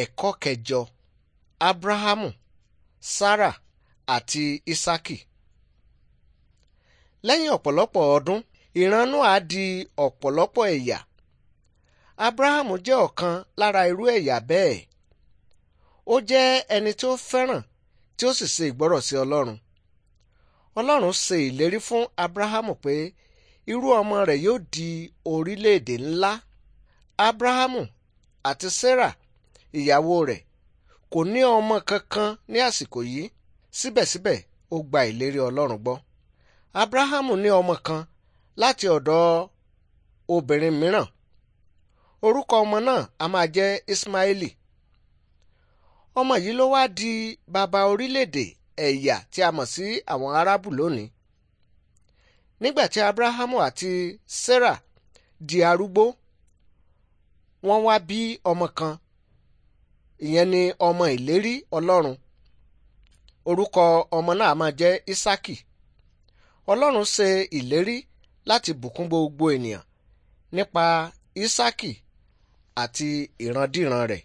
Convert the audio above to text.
ẹ̀kọ́ kẹjọ abrahamu sarah àti isaki lẹ́yìn ọ̀pọ̀lọpọ̀ ọdún ìran Nóà di ọ̀pọ̀lọpọ̀ ẹ̀yà abrahamu jẹ́ ọ̀kan lára irú ẹ̀yà bẹ́ẹ̀ ó jẹ́ ẹni tí ó fẹ́ràn tí ó sì ṣe ìgbọ́rọ̀ sí ọlọ́run ọlọ́run ṣe ìlérí fún abrahamu pé irú ọmọ rẹ̀ yóò di orílẹ̀-èdè ńlá abrahamu àti sarah ìyàwó rẹ̀ kò ní ọmọ kankan ní àsìkò yìí síbẹ̀síbẹ̀ ó gba ìlérí ọlọ́run gbọ́ abrahamu ní ọmọ kan láti ọ̀dọ̀ obìnrin mìíràn orúkọ ọmọ náà a máa jẹ́ ismaili ọmọ yìí ló wá di bàbá orílẹ̀-èdè ẹ̀yà tí a mọ̀ sí àwọn arábù lónìí nígbà tí abrahamu àti sarah di arúgbó wọ́n wá bí ọmọ kan ìyẹn ni ọmọ ìlérí ọlọ́run orúkọ ọmọ náà máa jẹ́ Ísákì ọlọ́run ṣe ìlérí láti bùkún gbogbo ènìyàn nípa Ísákì àti ìrandíran rẹ̀